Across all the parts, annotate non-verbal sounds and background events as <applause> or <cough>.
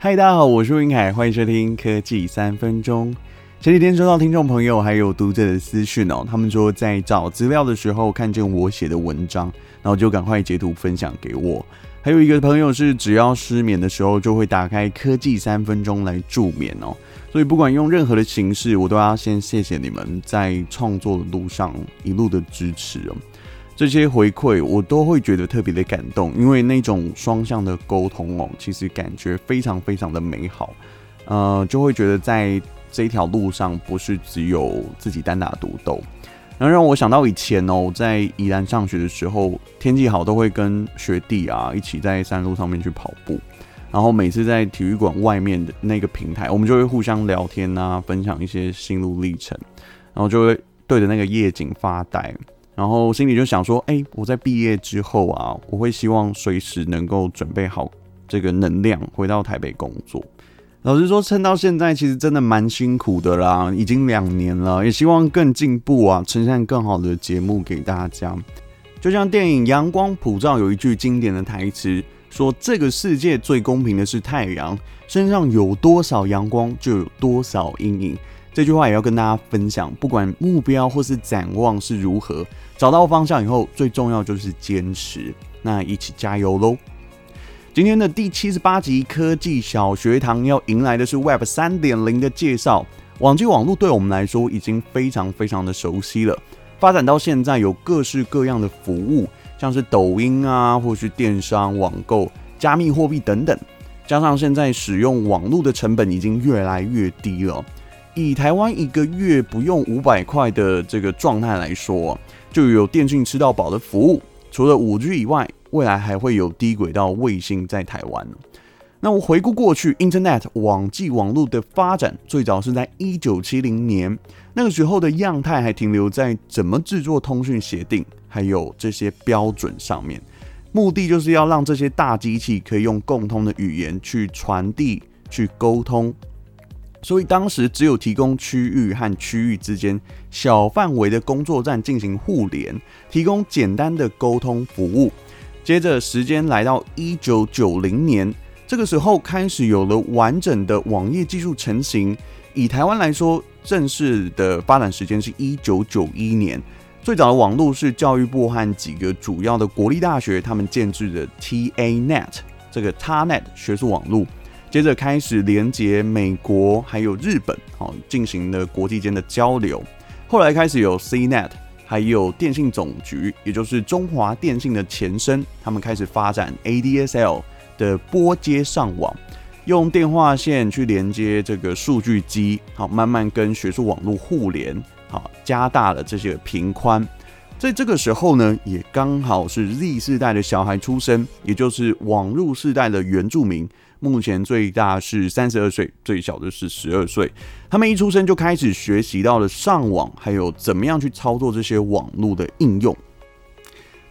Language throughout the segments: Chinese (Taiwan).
嗨，大家好，我是雲海，歡迎收聽科技三分鐘。前幾天收到聽眾朋友還有讀者的私訊哦，他們說在找資料的時候看見我寫的文章，然後就趕快截圖分享給我。還有一個朋友是，只要失眠的時候就會打開科技三分鐘來助眠哦。所以不管用任何的形式，我都要先謝謝你們在創作的路上一路的支持哦。這些回饋我都會覺得特別的感動，因為那種雙向的溝通哦，其實感覺非常非常的美好，呃，就會覺得在這條路上不是只有自己單打獨鬥，然後讓我想到以前哦，在宜蘭上學的時候，天氣好都會跟學弟啊一起在山路上面去跑步，然後每次在體育館外面的那個平台，我們就會互相聊天啊，分享一些心路歷程，然後就會對着那個夜景發呆。然後心裡就想說，誒、欸，我在畢業之後啊，我會希望隨時能夠準備好這個能量回到台北工作。老實說，撐到現在其實真的蠻辛苦的啦，已經兩年了，也希望更進步啊，呈現更好的節目給大家。就像電影《陽光普照》有一句經典的台詞，說：“這個世界最公平的是太陽，身上有多少陽光就有多少陰影。”這句話也要跟大家分享，不管目標或是展望是如何，找到方向以後，最重要就是堅持。那一起加油嘍！今天的第七十八集科技小學堂要迎來的是 Web 三點零的介紹。網際網絡對我們來說已經非常非常的熟悉了，發展到現在有各式各樣的服務，像是抖音啊，或是電商網購、加密貨幣等等。加上現在使用網絡的成本已經越來越低了。以台灣一個月不用五百塊的這個狀態來說，就有電信吃到飽的服務。除了五 G 以外，未來還會有低軌道衛星在台灣。那我回顧過去 Internet 網際網路的發展，最早是在一九七零年，那個時候的樣態還停留在怎麼製作通訊協定，還有這些標準上面，目的就是要讓這些大機器可以用共通的語言去傳遞、去溝通。所以當時只有提供區域和區域之間小範圍的工作站進行互聯，提供簡單的溝通服務。接着時間來到一九九零年，這個時候開始有了完整的網頁技術成型。以台灣來說，正式的發展時間是一九九一年。最早的網路是教育部和幾個主要的國立大學他們建置的 TANET，這個 TANET 學術網路。接着開始連接美國，還有日本，好進行了國際間的交流。後來開始有 Cnet，還有電信總局，也就是中華電信的前身，他們開始發展 ADSL 的撥接上網，用電話線去連接這個數據機，好慢慢跟學術網絡互聯，好加大了這些頻寬。在這個時候呢，也剛好是 Z 世代的小孩出生，也就是網路世代的原住民。目前最大是三十二歲，最小的是十二歲。他們一出生就開始學習到了上網，還有怎麼樣去操作這些網絡的應用。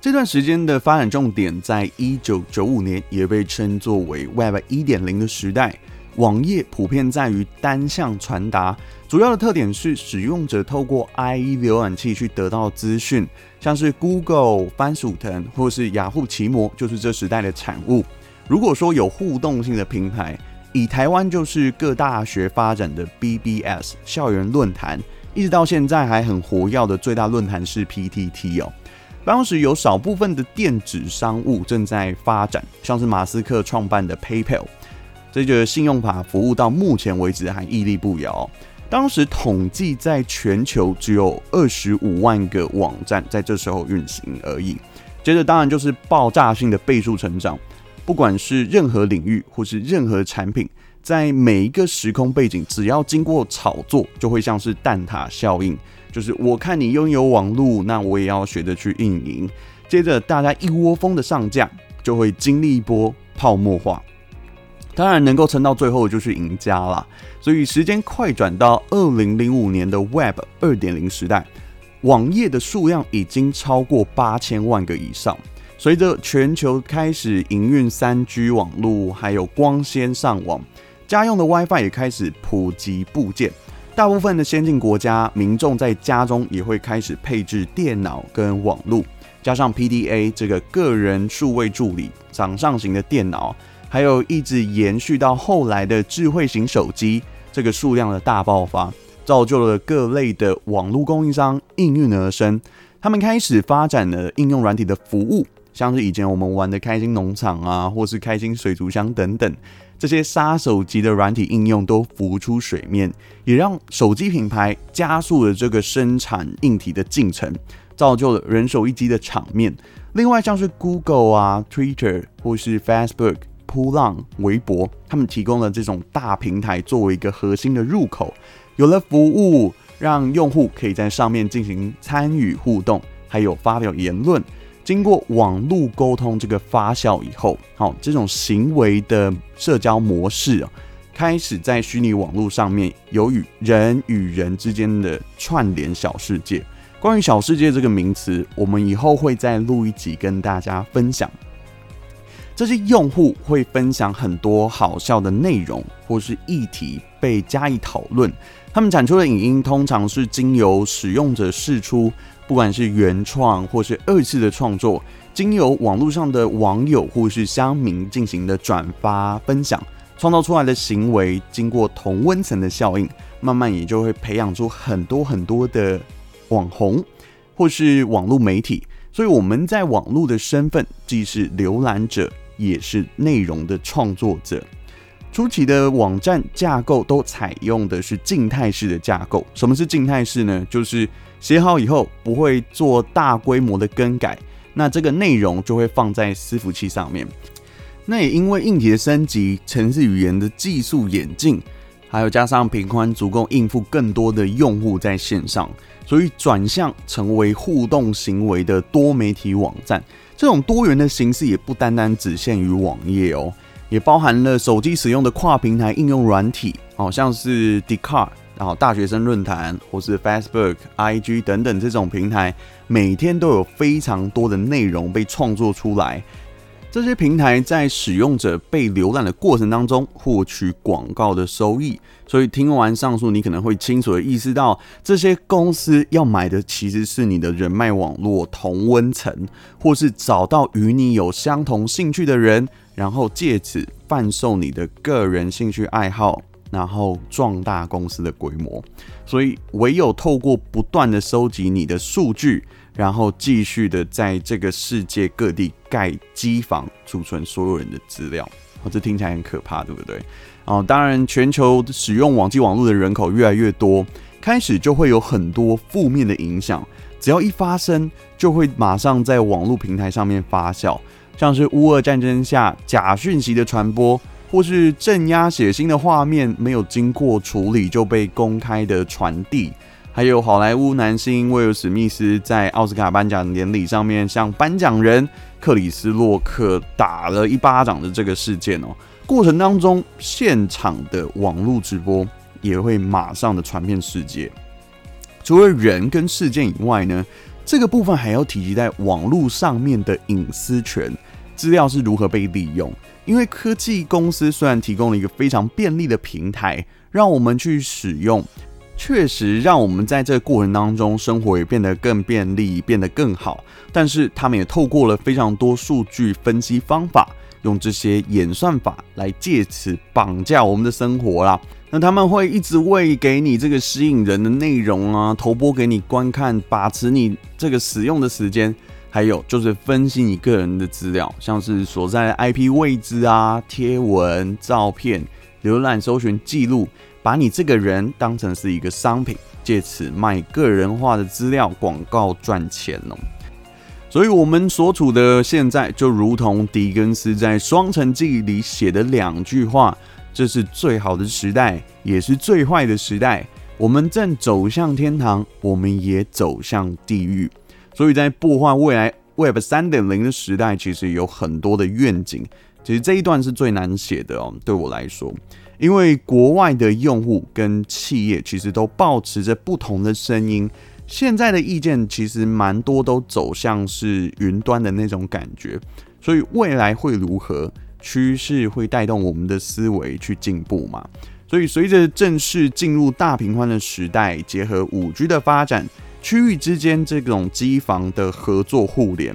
這段時間的發展重點在一九九五年，也被稱作為 Web 一點零的時代。網頁普遍在於單向傳達，主要的特點是使用者透過 IE 瀏覽器去得到資訊，像是 Google、番薯藤或是雅虎奇摩，就是這時代的產物。如果說有互動性的平台，以台灣就是各大學發展的 BBS 校園論壇，一直到現在還很活躍的最大論壇是 PTT 哦。當時有少部分的電子商務正在發展，像是馬斯克創辦的 PayPal，這就是信用卡服務，到目前為止還屹立不搖哦。當時統計在全球只有二十五萬個網站在這時候運行而已。接着當然就是爆炸性的倍數成長。不管是任何領域，或是任何產品，在每一個時空背景，只要經過炒作，就會像是蛋塔效應，就是我看你擁有網路，那我也要學着去運營。接着大家一窩蜂的上架，就會經歷一波泡沫化。當然能夠撐到最後就是贏家啦。所以時間快轉到二零零五年的 Web 二點零時代，網頁的數量已經超過八千萬個以上。隨着全球開始營運 3G 網絡，還有光纖上網，家用的 WiFi 也開始普及佈建，大部分的先進國家民眾在家中也會開始配置電腦跟網絡，加上 PDA 這個個人數位助理、掌上型的電腦，還有一直延續到後來的智慧型手機，這個數量的大爆發，造就了各類的網絡供應商應運而生。他們開始發展了應用軟體的服務。像是以前我們玩的開心農場啊，或是開心水族箱等等，這些殺手級的軟體應用都浮出水面，也讓手機品牌加速了這個生產硬體的進程，造就了人手一機的場面。另外，像是 Google 啊、Twitter 或是 Facebook、Plurk、微博，他們提供了這種大平台作為一個核心的入口，有了服務，讓用戶可以在上面進行參與互動，還有發表言論。經過網絡溝通這個發酵以後，好、哦，這種行為的社交模式啊，開始在虛擬網絡上面由於人與人之間的串聯小世界。關於小世界這個名詞，我們以後會再錄一集跟大家分享。這些用戶會分享很多好笑的內容或是議題被加以討論，他們產出的影音通常是經由使用者釋出。不管是原創或是二次的創作，經由網絡上的網友或是鄉民進行的轉發分享，創造出來的行為，經過同溫層的效應，慢慢也就會培養出很多很多的網紅或是網絡媒體。所以我們在網絡的身份，既是瀏覽者，也是內容的創作者。初期的網站架構都採用的是靜態式的架構。什麼是靜態式呢？就是寫好以後不會做大規模的更改，那這個內容就會放在伺服器上面。那也因為硬體的升級、程式語言的技術演進，還有加上頻寬足夠應付更多的用戶在線上，所以轉向成為互動行為的多媒體網站。這種多元的形式也不單單只限於網頁哦、喔。也包含了手機使用的跨平台應用軟體，好、哦、像是 Dcard 然後大學生論壇或是 Facebook、IG 等等這種平台，每天都有非常多的內容被創作出來。這些平台在使用者被瀏覽的過程當中，獲取廣告的收益。所以聽完上述，你可能會清楚地意識到，這些公司要買的其實是你的人脈網絡、同溫層，或是找到與你有相同興趣的人。然後借此販售你的個人興趣愛好，然後壯大公司的規模。所以唯有透過不斷的收集你的數據，然後繼續的在這個世界各地蓋機房儲存所有人的資料。啊，這聽起來很可怕，對不對？哦，當然，全球使用網際網絡的人口越來越多，開始就會有很多負面的影響。只要一發生，就會馬上在網絡平台上面發酵。像是烏俄戰爭下假訊息的傳播，或是鎮壓血腥的畫面沒有經過處理就被公開的傳遞，還有好萊塢男星威爾史密斯在奧斯卡頒獎典禮上面向頒獎人克里斯洛克打了一巴掌的這個事件哦，過程當中現場的網絡直播也會馬上的傳遍世界。除了人跟事件以外呢，這個部分還要提及在網絡上面的隱私權。資料是如何被利用？因為科技公司雖然提供了一個非常便利的平台，讓我們去使用，確實讓我們在這個過程當中生活也變得更便利，變得更好。但是他們也透過了非常多數據分析方法，用這些演算法來借此綁架我們的生活啦。那他們會一直餵給你這個吸引人的內容啊，投播給你觀看，把持你這個使用的時間。還有就是分析你個人的資料，像是所在的 IP 位置啊、貼文、照片、瀏覽搜尋記錄，把你這個人當成是一個商品，借此賣個人化的資料廣告賺錢喔。所以，我們所處的現在，就如同狄更斯在《雙城記》裡寫的兩句話：“這是最好的時代，也是最壞的時代。我們正走向天堂，我們也走向地獄。”所以在布畫未來 Web 三點零的時代，其實有很多的願景。其實這一段是最難寫的哦，對我來說，因為國外的用戶跟企業其實都保持着不同的聲音。現在的意見其實蠻多，都走向是雲端的那種感覺。所以未來會如何？趨勢會帶動我們的思維去進步嘛？所以隨着正式進入大頻寬的時代，結合五 G 的發展。區域之間這種機房的合作互聯，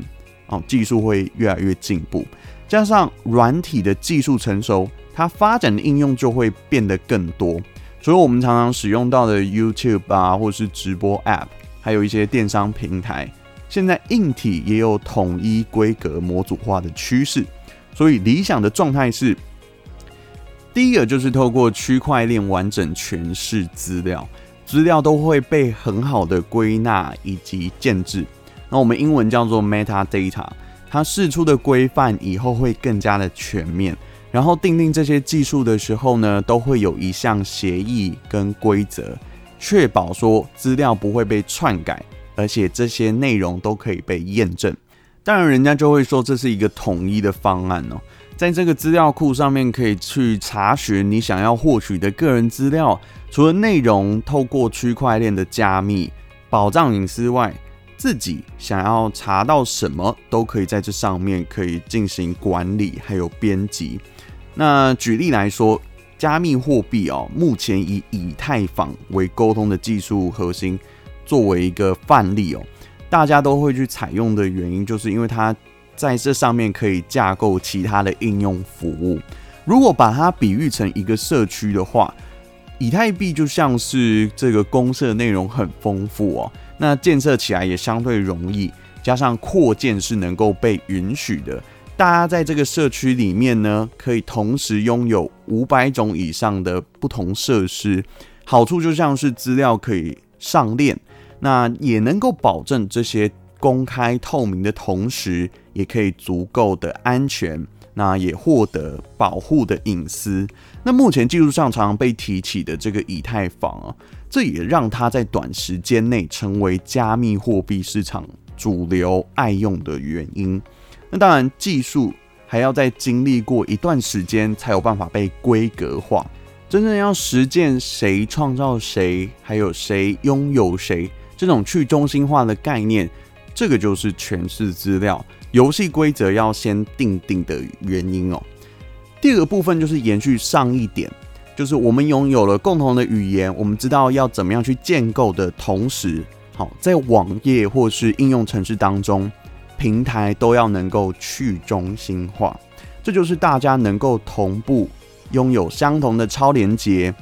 哦，技術會越來越進步，加上軟體的技術成熟，它發展的應用就會變得更多。所以我們常常使用到的 YouTube 啊，或是直播 App，還有一些電商平台，現在硬體也有統一規格、模組化的趨勢。所以理想的狀態是，第一個就是透過區塊鏈完整詮釋資料。資料都會被很好的歸納以及建制，那我們英文叫做 metadata。它釋出的規範以後會更加的全面，然後訂定這些技術的時候呢，都會有一項協議跟規則，確保說資料不會被篡改，而且這些內容都可以被驗證。當然，人家就會說這是一個統一的方案哦。在這個資料庫上面，可以去查詢你想要獲取的個人資料。除了內容透過區塊鏈的加密保障隱私外，自己想要查到什麼都可以在這上面可以進行管理，還有編輯。那舉例來說，加密貨幣哦，目前以以太坊為溝通的技術核心，作為一個範例哦，大家都會去採用的原因，就是因為它。在這上面可以架構其他的應用服務。如果把它比喻成一個社區的話，以太幣就像是這個公設，內容很豐富哦，那建設起來也相對容易，加上擴建是能夠被允許的。大家在這個社區裡面呢，可以同時擁有五百種以上的不同設施，好處就像是資料可以上鏈，那也能夠保證這些公開透明的同時。也可以足夠的安全，那也獲得保護的隱私。那目前技術上常常被提起的這個以太坊啊，這也讓它在短時間內成為加密貨幣市場主流愛用的原因。那當然，技術還要在經歷過一段時間才有辦法被規格化，真正要實踐誰創造誰，還有誰擁有誰，這種去中心化的概念，這個就是詮釋資料。遊戲規則要先定定的原因喔。第二個部分就是延續上一點，就是我們擁有了共同的語言，我們知道要怎麼樣去建構的同時，好在網頁或是應用程式當中，平台都要能夠去中心化，這就是大家能夠同步擁有相同的超連結。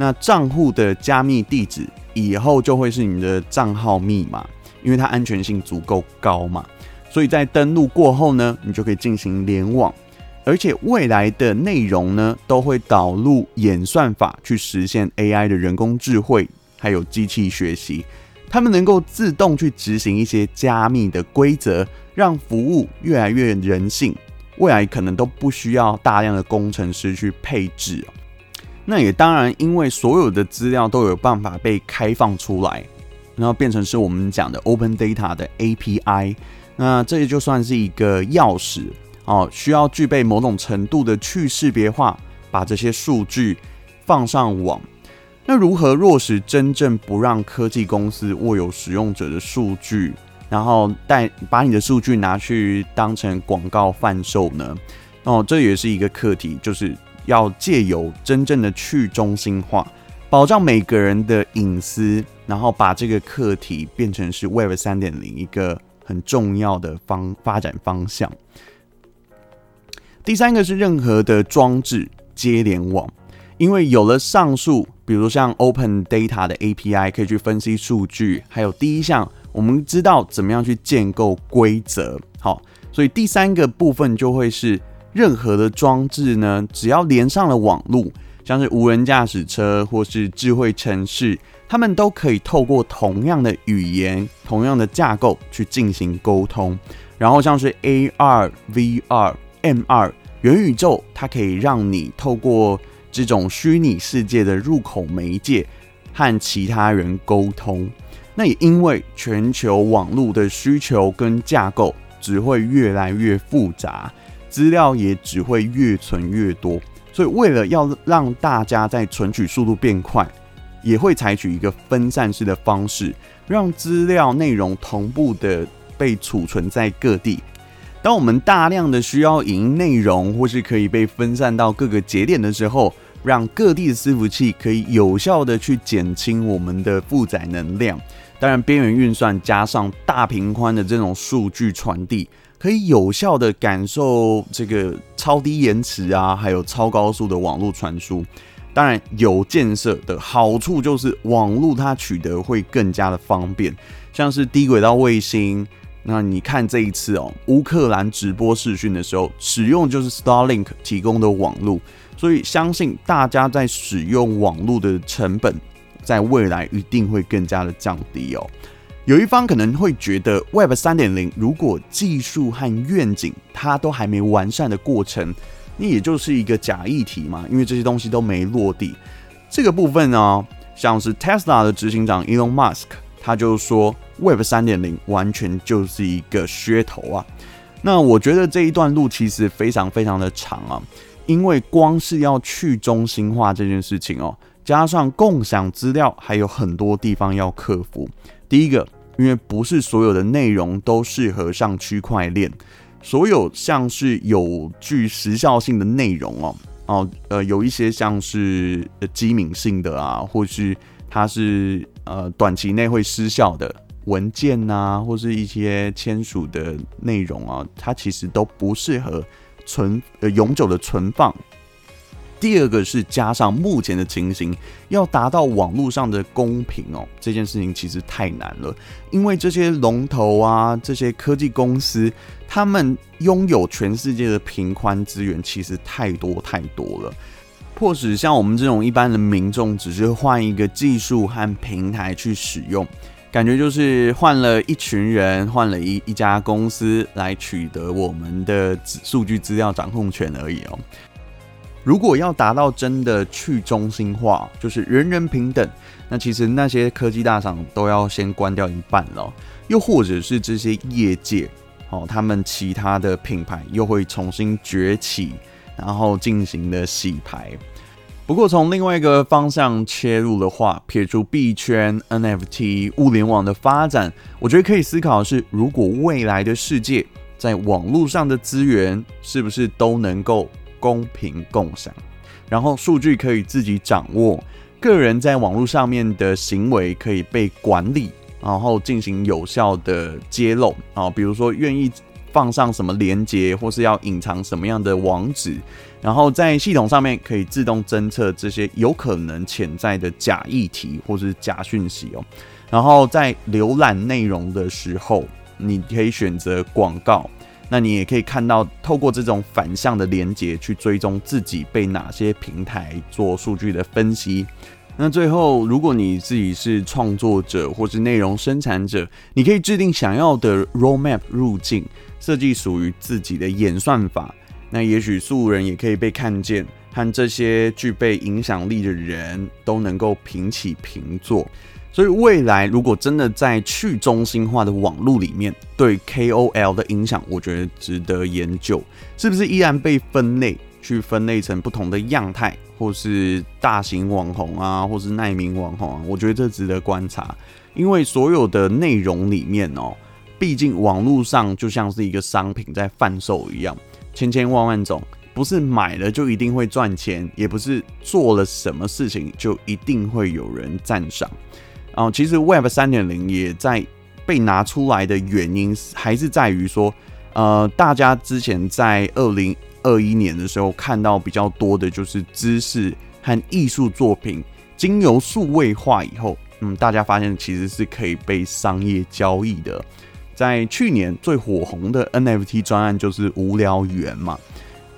那賬戶的加密地址以後就會是你的賬號密碼，因為它安全性足夠高嘛。所以在登錄過後呢，你就可以進行聯網，而且未來的內容呢，都會導入演算法去實現 AI 的人工智慧，還有機器學習，他們能夠自動去執行一些加密的規則，讓服務越來越人性。未來可能都不需要大量的工程師去配置。那也當然，因為所有的資料都有辦法被開放出來，然後變成是我們講的 Open Data 的 API。那這就算是一個鑰匙哦，需要具備某種程度的去識別化，把這些數據放上網。那如何落實真正不讓科技公司握有使用者的數據，然後帶把你的數據拿去當成廣告販售呢？哦，這也是一個課題，就是要借由真正的去中心化，保障每個人的隱私，然後把這個課題變成是 Web 三點零一個。很重要的方發展方向。第三個是任何的裝置接聯網，因為有了上述，比如說像 Open Data 的 API 可以去分析數據，還有第一項，我們知道怎麼樣去建構規則。好，所以第三個部分就會是任何的裝置呢，只要連上了網路，像是無人駕駛車或是智慧城市。他們都可以透過同樣的語言、同樣的架構去進行溝通，然後像是 AR、VR、MR 元宇宙，它可以讓你透過這種虛擬世界的入口媒介和其他人溝通。那也因為全球網絡的需求跟架構只會越來越複雜，資料也只會越存越多，所以為了要讓大家在存取速度變快。也會採取一個分散式的方式，讓資料內容同步的被儲存在各地。當我們大量的需要影音內容，或是可以被分散到各個節點的時候，讓各地的伺服器可以有效的去減輕我們的負載能量。當然，邊緣運算加上大頻寬的這種數據傳遞，可以有效的感受這個超低延遲啊，還有超高速的網絡傳輸。當然有建設的好處，就是網路它取得會更加的方便，像是低軌道衛星。那你看這一次哦，烏克蘭直播視訊的時候，使用就是 Starlink 提供的網路，所以相信大家在使用網路的成本，在未來一定會更加的降低哦。有一方可能會覺得 Web 3.0，如果技術和願景它都還沒完善的過程。那也就是一個假議題嘛，因為這些東西都沒落地。這個部分呢，像是 Tesla 的執行長 Elon Musk，他就說 Web 三點零完全就是一個噱頭啊。那我覺得這一段路其實非常非常的長啊，因為光是要去中心化這件事情哦，加上共享資料還有很多地方要克服。第一個，因為不是所有的內容都適合上區塊鏈。所有像是有具時效性的內容哦，哦，呃，有一些像是呃、機敏性的啊，或是它是呃短期內會失效的文件吶、啊，或是一些簽署的內容啊，它其實都不適合存、呃、永久的存放。第二個是加上目前的情形，要達到網絡上的公平哦，這件事情其實太難了，因為這些龍頭啊，這些科技公司。他們擁有全世界的頻寬資源，其實太多太多了，迫使像我們這種一般的民眾，只是換一個技術和平台去使用，感覺就是換了一群人，換了一一家公司來取得我們的數據資料掌控權而已哦。如果要達到真的去中心化，就是人人平等，那其實那些科技大廠都要先關掉一半了哦，又或者是這些業界。哦，他們其他的品牌又會重新崛起，然後進行的洗牌。不過從另外一個方向切入的話，撇除幣圈、NFT、物聯網的發展，我覺得可以思考的是：如果未來的世界，在網絡上的資源是不是都能夠公平共享？然後數據可以自己掌握，個人在網絡上面的行為可以被管理。然後進行有效的揭露啊，比如說願意放上什麼連結，或是要隱藏什麼樣的網址，然後在系統上面可以自動偵測這些有可能潛在的假議題或是假訊息哦、喔。然後在瀏覽內容的時候，你可以選擇廣告，那你也可以看到透過這種反向的連結去追蹤自己被哪些平台做數據的分析。那最後，如果你自己是創作者或是內容生產者，你可以制定想要的 roadmap 路徑，設計屬於自己的演算法。那也許素人也可以被看見，和這些具備影響力的人都能夠平起平坐。所以未來，如果真的在去中心化的網絡裡面，對 KOL 的影響，我覺得值得研究，是不是依然被分類？去分類成不同的樣態，或是大型網紅啊，或是奈米網紅，啊。我覺得這值得觀察，因為所有的內容裡面哦，畢竟網絡上就像是一個商品在販售一樣，千千萬萬種，不是買了就一定會賺錢，也不是做了什麼事情就一定會有人贊賞。呃，其實 Web 三點零也在被拿出來的原因，還是在於說，呃，大家之前在二零。二一年的時候，看到比較多的就是知識和藝術作品經由數位化以後，嗯，大家發現其實是可以被商業交易的。在去年最火紅的 NFT 專案就是無聊猿嘛，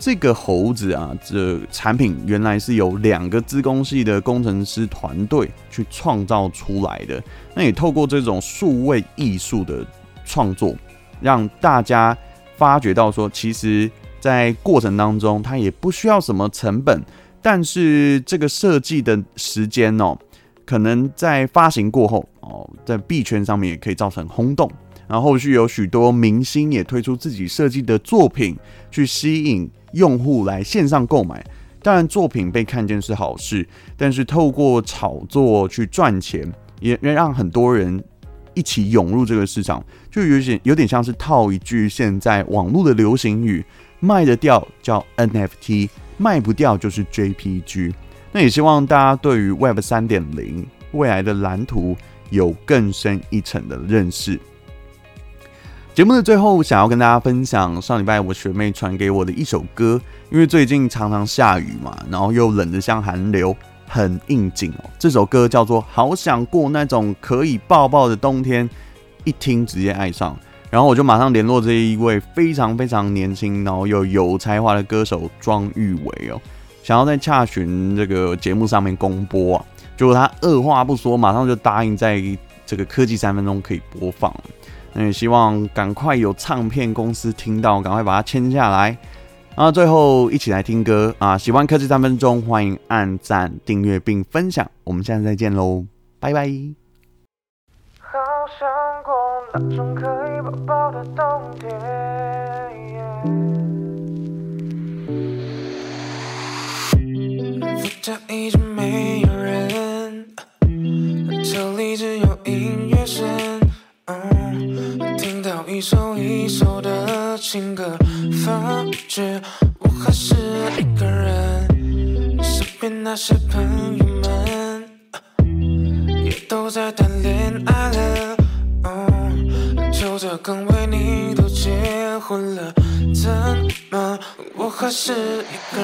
這個猴子啊，這產品原來是由兩個資工系的工程師團隊去創造出來的。那也透過這種數位藝術的創作，讓大家發覺到說，其實。在過程當中，它也不需要什麼成本，但是這個設計的時間哦，可能在發行過後哦，在幣圈上面也可以造成轟動，然後後續有許多明星也推出自己設計的作品，去吸引用戶來線上購買。當然，作品被看見是好事，但是透過炒作去賺錢，也讓很多人。一起湧入這個市場，就有點有點像是套一句現在網絡的流行語：賣得掉叫 NFT，賣不掉就是 JPG。那也希望大家對於 Web 三點零未來的藍圖有更深一層的認識。節目的最後，想要跟大家分享上禮拜我學妹傳給我的一首歌，因為最近常常下雨嘛，然後又冷得像寒流。很應景哦，這首歌叫做《好想過那種可以抱抱的冬天》，一聽直接愛上，然後我就馬上聯絡這一位非常非常年輕、哦，然後又有才華的歌手莊育維哦，想要在《洽詢》這個節目上面公播、啊，結果他二話不說，馬上就答應在這個科技三分鐘可以播放，那也希望趕快有唱片公司聽到，趕快把它簽下來。那、啊、最後一起來聽歌啊！喜歡科技三分鐘，歡迎按讚、訂閱並分享，我們下次再見嘍，拜拜。好想過那種可以抱抱的冬天 <music> 一首一首的情歌，發覺我還是一個人。身邊那些朋友們也都在談戀愛了，就、嗯、這更為你都結婚了，怎麼我還是一個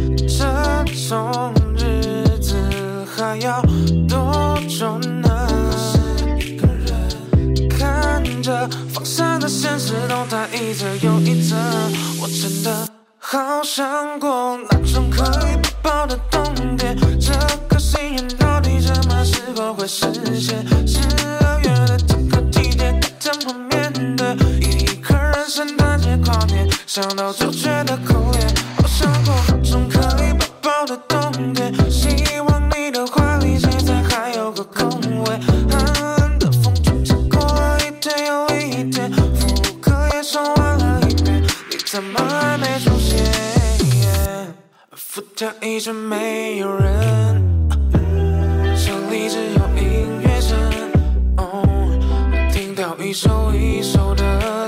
人？傷過。